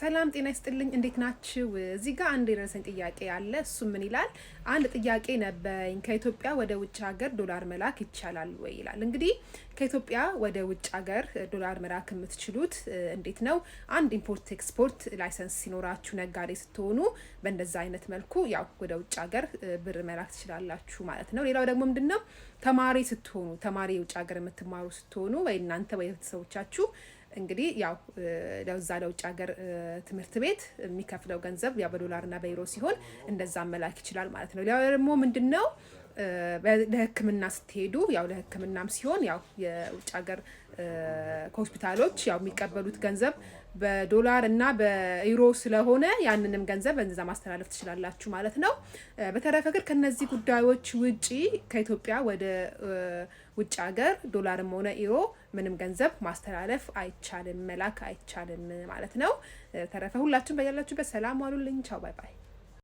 ሰላም ጤና ይስጥልኝ። እንዴት ናችሁ? እዚህ ጋር አንድ የደረሰኝ ጥያቄ አለ። እሱ ምን ይላል? አንድ ጥያቄ ነበኝ ከኢትዮጵያ ወደ ውጭ ሀገር ዶላር መላክ ይቻላል ወይ ይላል። እንግዲህ ከኢትዮጵያ ወደ ውጭ ሀገር ዶላር መላክ የምትችሉት እንዴት ነው? አንድ ኢምፖርት ኤክስፖርት ላይሰንስ ሲኖራችሁ ነጋዴ ስትሆኑ፣ በእንደዛ አይነት መልኩ ያው ወደ ውጭ ሀገር ብር መላክ ትችላላችሁ ማለት ነው። ሌላው ደግሞ ምንድን ነው? ተማሪ ስትሆኑ፣ ተማሪ የውጭ ሀገር የምትማሩ ስትሆኑ ወይ እናንተ ወይ ቤተሰቦቻችሁ እንግዲህ ያው ለዛ ለውጭ ሀገር ትምህርት ቤት የሚከፍለው ገንዘብ ያው በዶላርና በዩሮ ሲሆን እንደዛ መላክ ይችላል ማለት ነው። ሌላው ደግሞ ምንድን ነው ለህክምና ስትሄዱ ያው ለህክምናም ሲሆን ያው የውጭ ሀገር ከሆስፒታሎች ያው የሚቀበሉት ገንዘብ በዶላር እና በኢሮ ስለሆነ ያንንም ገንዘብ በዛ ማስተላለፍ ትችላላችሁ ማለት ነው። በተረፈ ግን ከነዚህ ጉዳዮች ውጪ ከኢትዮጵያ ወደ ውጭ ሀገር ዶላርም ሆነ ኢሮ ምንም ገንዘብ ማስተላለፍ አይቻልም፣ መላክ አይቻልም ማለት ነው። ተረፈ ሁላችሁም በያላችሁበት ሰላም ዋሉልኝ። ቻው ባይ ባይ።